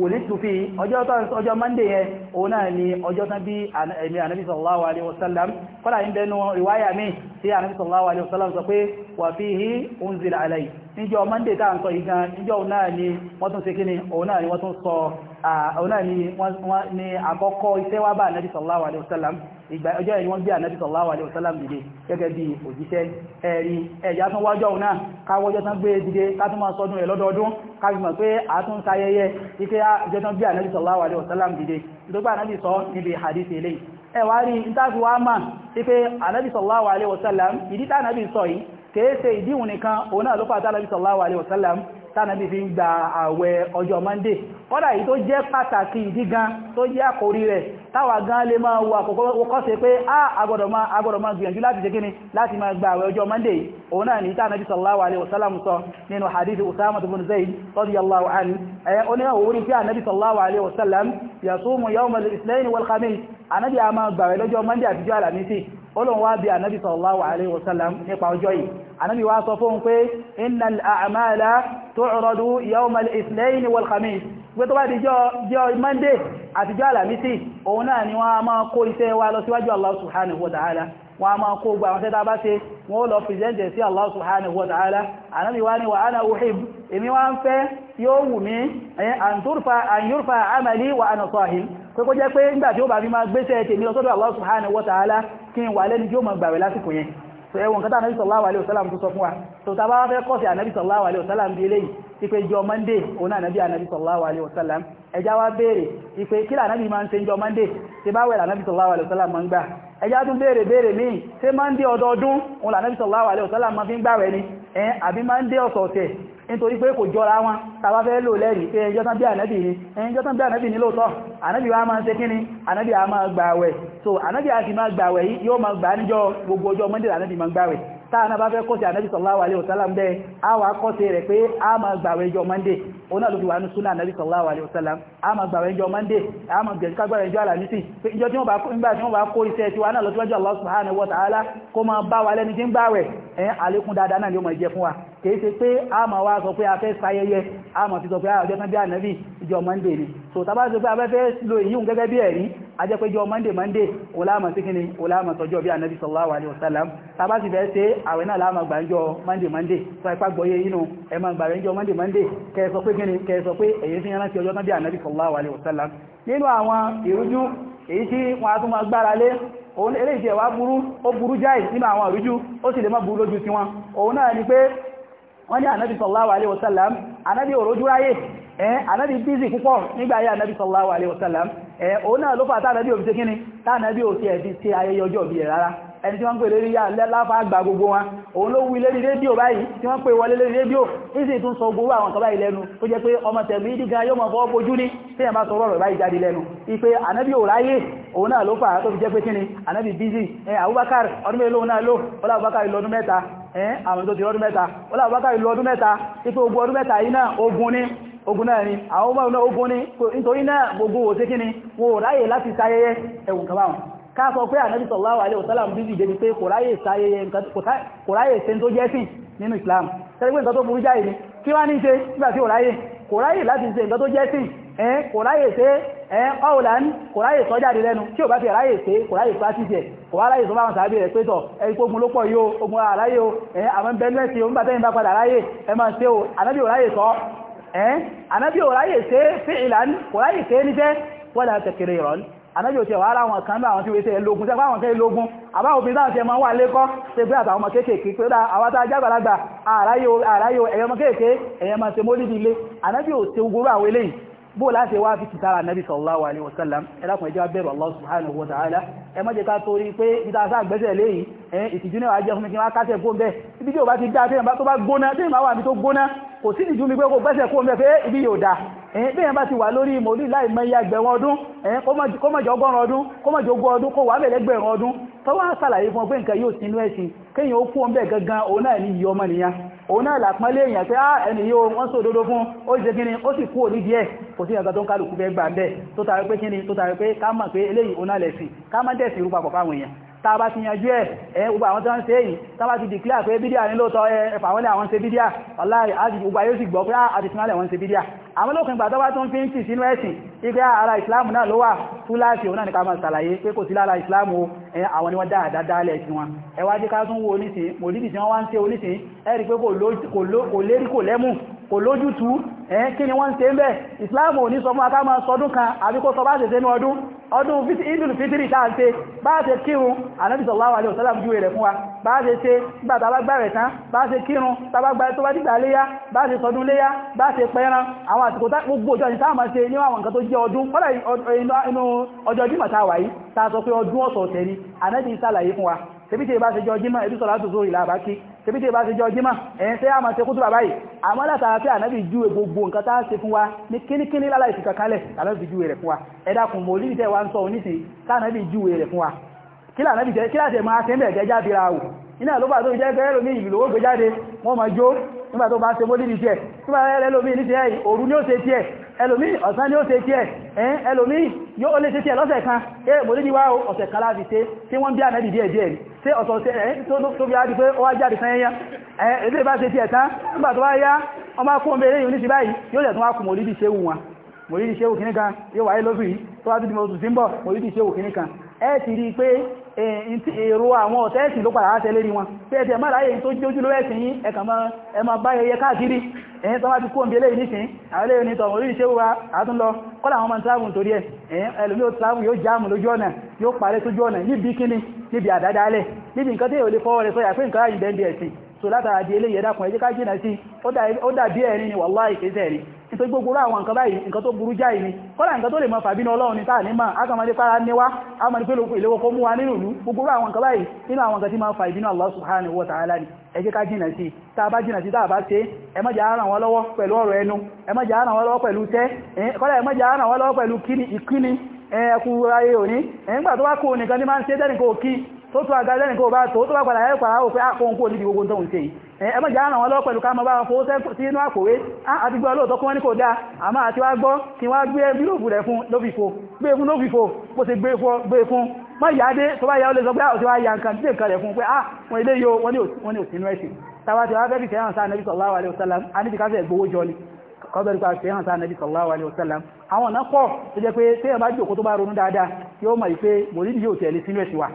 wòlítù fi ọjọ́ monday yẹn òun náà ni ọjọ́ tán bí ẹ̀mí ànábì sallallahu alaihi wasallam kọ́lá ń bẹnu riwaya mi tí ànábì sallallahu alaihi wasallam sọ pé wa fihi unzila alayhi níjọ́ monday tàà ń sọ igan níjọ́ náà ni wọ́n tún ṣe kíni ọ̀nà ni àkọ́kọ́ iṣẹ́ wá bá ànábì sallallahu alaihi wasallam ìgbà ọjọ́ ẹ̀yìn wọ́n gbé ànábì sallallahu alaihi wasallam dìde gẹ́gẹ́ bí òjíṣẹ́ ẹ̀rí ẹ̀yà tún wájọ́ òun náà káwọ́jọ́ tán gbé e dìde kátún máa sọdún rẹ̀ lọ́dọọdún kágbìmọ̀ pé àtún sayẹyẹ ike àjọ tán gbé ànábì sallallahu alaihi wasallam dìde ìdógbà ànábì sọ níbi hadith eléyìí ẹ̀wà rí ìtàfi wá mà ipe ànábì sallallahu alaihi wasallam ìdí tá ànábì sọ yìí nìkan òun náà ló pàtàkì ànábì sallallahu tánàbí fi ń gba àwẹ̀ ọjọ́ monday kọ́dà yìí tó jẹ́ pàtàkì ìdí gan tó jẹ́ àkórí rẹ̀ táwa gan lè máa wo àkókò kọ́sẹ̀ pé a gbọ́dọ̀ máa a gbọ́dọ̀ máa gbìyànjú láti ṣe kíni láti máa gba àwẹ̀ ọjọ́ monday òun náà ní tánàbí sallallahu alaihi wasallam sọ nínú hadith usama ibn zayd radiyallahu anhu ó ní òwúrí pé ànábì sallallahu alaihi wasallam yasumu yawm al-ithnain wal khamis ànábì a ọlọ́run wá bí ànábì sallallahu alaihi wasallam nípa ọjọ́ yìí ànábì wá sọ fún pé innal a'mala tu'radu yawmal ithnain wal khamis pé tó bá di jọ́ monday àti jọ́ alamisi òun náà ni wọ́n a máa kó iṣẹ́ wa lọ síwájú allah subhanahu wa ta'ala wọ́n a máa kó gbà àwọn pé kó jẹ́ pé nígbà tí ó bá fi máa gbéṣẹ́ tèmi lọ sọ́dọ̀ Allah subhanahu wa ta'ala kí n wà lẹ́ni tí ó mọ̀ gbàwẹ̀ lásìkò yẹn so ẹwọ̀n kátà Ànábì sallallahu alaihi wasallam tó sọ fún wa so ta bá fẹ́ kọ́sì Ànábì sallallahu alaihi wasallam bí eléyìí ipe jọ Monday òun Ànábì Ànábì sallallahu alaihi wasallam ẹjá wa béèrè ipe kí Ànábì máa ń ṣe jọ Monday tí bá wẹ̀ Ànábì sallallahu alaihi wasallam máa ń gbà ẹjá tún béèrè béèrè míì ṣé Monday ọdọọdún òun Ànábì sallallahu alaihi wasallam máa fi ń gbàwẹ̀ ni ẹ̀ àbí Monday ọ̀sọ̀ọ̀sẹ̀ nítorí pé kò jọra wọn tàbá fẹ́ lò lẹ́rìí pé ẹjọ́ tán bí ànábì ni ẹjọ́ tán bí ànábì ni lóòtọ́ ànábì wa máa ń ṣe kíni ànábì a máa gbààwẹ̀ so ànábì a sì máa gbààwẹ̀ yìí yóò máa gbà níjọ́ gbogbo ọjọ́ Monday ànábì máa gbààwẹ̀ táà náà bá fẹ́ kọ́sí ànábì sallallahu alaihi wasallam bẹ́ẹ̀ á wà kọ́sí rẹ̀ pé a máa gbààwẹ̀ ọjọ́ Monday oná ló fi wà ní súnà ànábì sallallahu alaihi wasallam a máa gbàwẹ̀ ìjọ monday a máa gbẹ̀rẹ̀ kágbàrẹ̀ ìjọ àlàmísì pé ìjọ tí wọ́n bá nígbà tí wọ́n bá kó iṣẹ́ tiwa náà lọ síwájú Allah subhanahu wa ta'ala kó máa bá wa lẹ́ni tí ń gbàwẹ̀ ẹ̀yìn àlékún dáadáa náà ni ó máa jẹ fún wa kìí ṣe pé a máa wá sọ pé a fẹ́ sayẹyẹ a máa ti sọ pé ọjọ́ tán bí ànábì ìjọ monday ni so tàbá sọ pé a fẹ́ fẹ́ lo ìyíhun gẹ́gẹ́ bí ẹ̀rí ajẹ́pẹ́jọ́ monday monday oláàmà sí kíni oláàmà tọjọ́ bí ànábì sallallahu alaihi wasallam tàbá sì fẹ́ ṣe àwẹ̀ náà láàmà gbàǹjọ́ monday monday sọ ipá gbọ́yé inú ẹ̀ máa gbàǹjọ́ monday mande kẹ́ sọ pé kí ni kẹ́ sọ pé èyí tí rántí ọjọ́ tán bí ànábì sallallahu alaihi wasallam nínú àwọn ìrújú èyí tí wọ́n á tún máa gbára lé òun eléyìí tí ẹ̀wà burú ó burú jáì nínú àwọn ìrújú ó sì lè má burú lójú tiwọn òun náà ni pé wọ́n ní ànábì sallallahu alaihi wasallam ànábì òrójú ráyè ẹ̀ẹ́n ànábì bízì púpọ̀ nígbà ayé ànábì ẹni tí wọ́n ń pè lórí láfà àgbà gbogbo wọn òun ló wí lórí rédíò báyìí tí wọ́n pè wọlé lórí rédíò ìsìn tún sọ gbogbo àwọn kọba ìlẹ́nu tó jẹ́ pé ọmọ tẹ̀mí ìdígan yóò mọ̀ fọ́ bojú ní tí ẹ̀ máa sọ ipe ànábì ò ráyè òun náà ló fà á tó fi jẹ́ pé kíni ànábì bízì ẹ̀ Abubakar ọdún mélòó òun náà lò ọlá Abubakar ìlọ́dún mẹ́ta ẹ̀ àwọn tó ti lọ́dún mẹ́ta ọlá Abubakar ìlọ́dún mẹ́ta ipe ogun ọdún mẹ́ta náà ni àwọn ọmọ ogun ni nítorí náà gbogbo òsèkíni wọn ò ráyè láti sáyẹyẹ ẹ̀wùn kan ká sọ pé ànábì sallallahu alaihi wasallam bíbí débi pé kò ráyè sáyẹyẹ nǹkan kò ráyè ṣe tó jẹ́sìn nínú islam tẹ́lẹ̀ pé nǹkan tó burú jáì ni kí wá ní ṣe nígbà tí kò ráyè kò ráyè láti ṣe nǹkan tó jẹ́sìn ẹ̀ kò ráyè ṣe ẹ̀ ọ̀wùlà ní kò ráyè sọ jáde lẹ́nu tí ò bá fi ráyè ṣe kò ráyè sọ àtìṣe kò wá ráyè sọ báwọn sàábì rẹ̀ pé tọ̀ ẹni ogun ló pọ̀ yóò ogun àráyè o ẹ̀ àwọn bẹ́ẹ̀lẹ́ ti o ń bàtẹ́yìn padà ráyè ẹ máa ṣe o ànábì ò ráyè sọ ẹ̀ ànábì ò ráyè ṣe fi'lan kò ráyè ṣe níṣẹ́ wala takriran ànájì òṣè wà láwọn kan náà àwọn tí wéṣẹ́ lógún tẹ́gbà àwọn kẹ́ lógún àbáwọn obìnrin táwọn tẹ́ mọ́ wà lẹ́kọ́ tẹ́ pé àtàwọn ọmọ kéèkéèké pé dá àwọn tá jágbàlagbà àráyò àráyò ẹ̀yọmọ kéèké ẹ̀yọmọ tẹ́ mólídìí ilé ànájì òṣè gbogbo àwọn eléyìí bó láti wá fi tìtara nàbí sallallahu alaihi wasallam ẹlákùn ẹjọ́ bẹ̀rù Allah subhanahu wa ta'ala ẹ má jẹ́ ká torí pé ìta sáà gbẹ́sẹ̀ léyìí ẹ̀yìn ìtìjú ní wàá jẹ́ fún mi kí wọ́n kásẹ̀ gbóǹbẹ̀ ibi tí ò bá ti dá tó bá gbóná tí ìmá wà ní tó gbóná kò sí ìjú mi pé kò gbẹ́sẹ̀ kó mẹ́fẹ́ ibi yóò dá ẹ̀yìn bí yẹn bá ti wà lórí mòlí láì mọ iye ẹgbẹ̀rún ọdún ẹ̀yìn kó mọ̀jọ ọgọ́rùn ọdún kó mọ̀jọ ogún ọdún kó wà bẹ̀rẹ̀ ẹgbẹ̀rún ọdún tó wá sàlàyé fún ọ pé nǹkan yóò sínú ẹ̀sìn kéèyàn ó kú ọmọ bẹ́ẹ̀ gangan òun náà ní iye ọmọ nìyàn òun náà làpọ́nlé èèyàn pé á ẹni yóò wọ́n sọ òdodo fún ó ṣe kíni ó sì kú òní díẹ̀ kò sí ẹ̀gbà tó ń kálukú fẹ́ gbà bẹ́ẹ̀ tó tàbí pé kíni tó tàbí pé ká mọ̀ pé eléyìí òun náà lẹ̀sìn ká má dẹ̀sìn irú papọ̀ fáwọn èèyàn tàbá ti yanjú ẹ̀ ẹ̀ gbogbo àwọn tó ń ṣe yìí tàbá ti dìklá pé bídíà ní lóòtọ́ ẹ fàwọ́lẹ̀ àwọn ṣe bídíà wallahi àti gbogbo ayé sì gbọ́ pé àti ah, sinálẹ̀ wọ́n ṣe bídíà àwọn olókùn ìgbà tó bá tún fi ń tì sínú ẹ̀sìn ìgbẹ́ ah, ara ìsìláàmù náà ló wà fúláàsì òun náà ní ká máa ṣàlàyé pé kò sí lára ìsìláàmù àwọn ni wọ́n dáadáa dálẹ̀ sí wọn ẹ wá jẹ́ ká tún wo onísìn mòlídì tí wọ́n wá ń ṣe onísìn ẹ rí pé kò lérí kò lẹ́mù kò lójútú ẹ̀ kí ni wọ́n ń ṣe ń bẹ̀ islam ò ní sọ fún aká máa sọdún kan àbí kó sọ bá ṣe sẹ́nu ọdún ọdún idul fitri tá à ń ṣe bá ṣe kírun ànábì sallallahu alaihi wasallam júwe rẹ̀ fún wa bá ṣe ṣe nígbà tá bá gbà rẹ̀ tán bá ṣe kírun tá bá gbà tó bá dìgbà léyá bá ṣe sọdún léyá bá ṣe pẹran àwọn àsìkò gbogbo ọjọ́ ní táàmà ṣe ní àwọn nǹkan tó jẹ́ ọdún kọ́lá inú ọjọ́ jùmọ̀ tá wà yìí tá sọ pé ọdún ọ̀sọ̀ọ̀sẹ̀ ni ànábì ṣàlàyé fún wa tẹbí tẹ bá ṣe jọ jímọ̀ ẹbí sọ̀rọ̀ àtúnṣò ìlà àbákí tẹbí tẹ bá ṣe jọ jímọ̀ ẹ̀yìn tẹ́ àmà ṣe kútù bàbá yìí àmọ́ látara pé ànábì júwe gbogbo nǹkan tá a ṣe fún wa ní kíníkíní láláì fi kankanlẹ̀ ànábì júwe rẹ̀ fún wa ẹ dákun mọ̀ olí tẹ́ wa ń sọ oníṣìn tánàbì júwe rẹ̀ fún wa kí láti máa ṣe ń bẹ̀ jẹ́ jáde ra wò iná ló ẹlòmí ọ̀sán ni ó ṣe tíẹ̀ ẹ̀yìn ẹlòmí yóò lè ṣe tíẹ̀ lọ́sẹ̀ kan ẹ mọ̀lẹ́bí wá ọ̀sẹ̀ kan láti ṣe tí wọ́n bí ànẹ́bì díẹ̀ díẹ̀ ṣe ọ̀sọ̀ọ̀sẹ̀ ẹ̀yìn tó bí á di pé ó wá jáde sanyẹyẹ ẹ̀yìn èdè bá ṣe tíẹ̀ tán nígbà tó wá yá ọmọ akún ọmọ eré yìí ní báyìí yóò lẹ̀ tún wá kù mọ̀lẹ́bí ṣe wù wọn mọ̀lẹ́bí ṣe wù kìnnìkan yóò wáyé lóbì tó wá tó di mọ̀lẹ́bí ṣe wù kìnnìkan ẹ ti rí i pé èrò àwọn ọ̀tẹ́ ẹ̀sìn ló padà wá tẹ́lé ní wọn tí ẹ̀tẹ̀ mọ́ láyé tó jójú ló ẹ̀sìn yí ẹ̀kànmọ́ bá ẹyẹ káàkiri ẹ̀yìn tó wá ti kó ń belé ìníṣìn àwọn ilé ìnitọ̀ orí ìṣẹ́ wa àtúnlọ kọ́lá àwọn ọmọ travel torí ẹ̀ ẹlòmí ó travel yóò jáàmù lójú ọ̀nà yóò parẹ́ so látara di eléyìí ẹ̀dàkùn ẹjẹ́ ká jìnà sí ó dàbí ẹ̀rin ni wàláì kéèsẹ̀ rí nítorí gbogbo àwọn nǹkan báyìí nǹkan tó burú jáì ni kọ́lá nǹkan tó lè mọ fàbínú ọlọ́run ní táà ní máa akamọ́dé fara níwá amọ́dé pé lókù ìléwọ́kọ́ mú wa nínú ìlú gbogbo àwọn nǹkan báyìí nínú àwọn nǹkan tí máa fa ìbínú Allah subhanahu wa ta'ala ni ẹ jẹ́ ká jìnà sí tá a bá jìnà sí tá a bá ṣe ẹ má jẹ́ lọ́wọ́ pẹ̀lú ọ̀rọ̀ ẹnu ẹ má jẹ́ lọ́wọ́ pẹ̀lú tẹ́ tó tó àgbàjẹ́ nìkan bá tó tó bá padà yẹ́ pàá òfin àkóhun ah, kó níbi gbogbo tóhun ṣe ẹmọ́jà àwọn ọlọ́ pẹ̀lú ká mọ́ bá wọn fowó sí inú àkòwé ah, àti gbọ́ olóòtọ́ kún wọn ní kò dáa àmọ́ àti wá gbọ́ kí wá gbé bíròfù rẹ̀ fún lófìfò gbé fún lófìfò bó ṣe gbé fún mọ́ ìyáde tó bá yá ó lè sọ pé àwọn ah, tí wá ya nǹkan tí nǹkan rẹ̀ fún pé ah wọn ilé yóò wọ́n ní òsínú ẹ̀sìn tàbátí wá fẹ́ fi tẹ́hàn sáà nẹ́bí sallallahu alaihi wasallam a ní ti káfẹ́ gbowó jọ ni kọ́bẹ̀rẹ̀ pa fi hàn sáà nàbí sallallahu alaihi wasallam àwọn ọ̀nà pọ̀ tó jẹ́ pé tí ẹ bá jòkó tó bá ronú dáadáa yóò mọ̀ ìpé mòrídìí yóò tẹ̀lé sínú ẹ̀sìn wa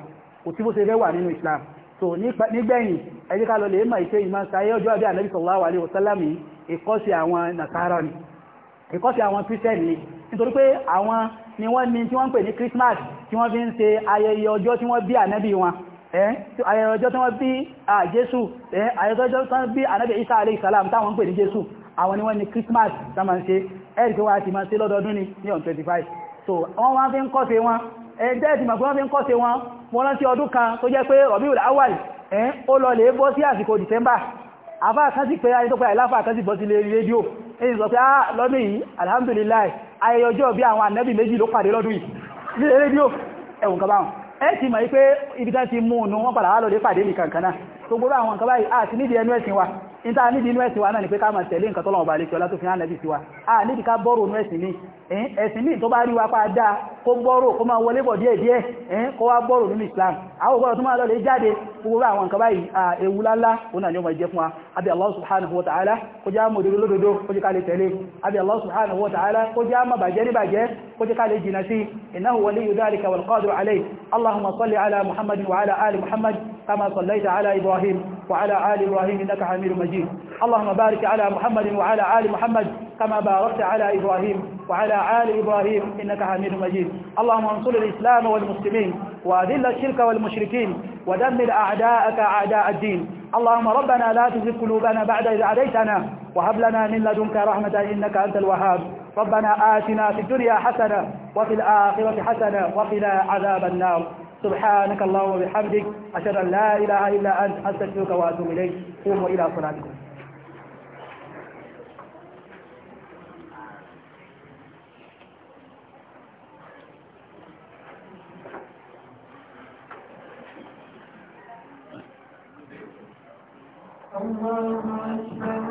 kò tí bó ṣe rẹwà nínú islam so nígbẹ̀yìn ẹ jẹ́ ká lọ lè mọ̀ ìṣe ìmọ̀ sáyé ọjọ́ àbí ànábì sallallahu alaihi wasallam ìkọ́sí àwọn nàkárà ni ìkọ́sí ni nítorí pé ni wọ́n ní tí wọ́n ń pè ní christmas tí wọ́n fi ń ṣe ayẹyẹ ọjọ́ tí wọ́n bí ànábì wọn ayẹyẹ ọjọ́ tí wọ́n bí jésù ayẹyẹ isa alayhi salam táwọn ń pè ní jésù àwọn ni christmas tá máa ń ṣe ẹ̀rì tó wá ti máa ń ṣe lọ́dọọdún ni ní on so wọ́n wá fi ń kọ́sẹ̀ wọn ẹ̀ẹ́dẹ́ẹ̀tì mọ̀ pé wọ́n fi ń kọ́sẹ̀ wọn mo rántí ọdún kan tó jẹ́ pé Rabiul Awwal ẹ̀ ó lọ lè bọ́ sí àsìkò December àfá kan sì pé ayé tó pẹ́ àìláfà kan sì bọ́ sí ilé rédíò èyí sọ pé á ah, lọ́dún yìí alhamdulillah ayẹyẹ ọjọ́ bí àwọn ànábì méjì ló pàdé lọ́dún yìí ní rédíò ẹ̀wùn kan báwọn ẹ ti mọ̀ pé ibi tán ti mú un wọ́n padà wá lọ́dé pàdé nìkan kan náà gbogbo àwọn nǹkan báyìí àti nídìí ẹnu ẹ̀sìn wa níta níbi inú ẹ̀sìn wa náà ni pé ká máa tẹ̀lé nǹkan tọ́lọ́wọ́ bá lè kí ọlá tó fi hàn lẹ́bí sí wa a níbi ká bọ́rò inú ẹ̀sìn ní ẹ̀sìn ní tó bá rí wa pa dáa kó bọ́rò kó máa wọlé bọ̀ díẹ̀ díẹ̀ kó wá bọ́rò nínú Islam àwọn ògbọ́dọ̀ tó máa lọ lè jáde gbogbo àwọn nǹkan báyìí ewu lálá òun náà ni ó máa jẹ fún wa àbí Allah subhanahu كما صليت على إبراهيم وعلى آل إبراهيم إنك حميد مجيد اللهم بارك على محمد وعلى آل محمد كما باركت على إبراهيم وعلى آل إبراهيم إنك حميد مجيد اللهم انصر الإسلام والمسلمين وأذل الشرك والمشركين ودمر أعداءك أعداء الدين اللهم ربنا لا تزغ قلوبنا بعد إذ هديتنا وهب لنا من لدنك رحمة إنك أنت الوهاب ربنا آتنا في الدنيا حسنة وفي الآخرة حسنة وقنا عذاب النار سبحانك اللهم وبحمدك أشهد أن لا إله إلا أنت أستغفرك وأتوب إليك قوموا إلى صلاتكم الله أكبر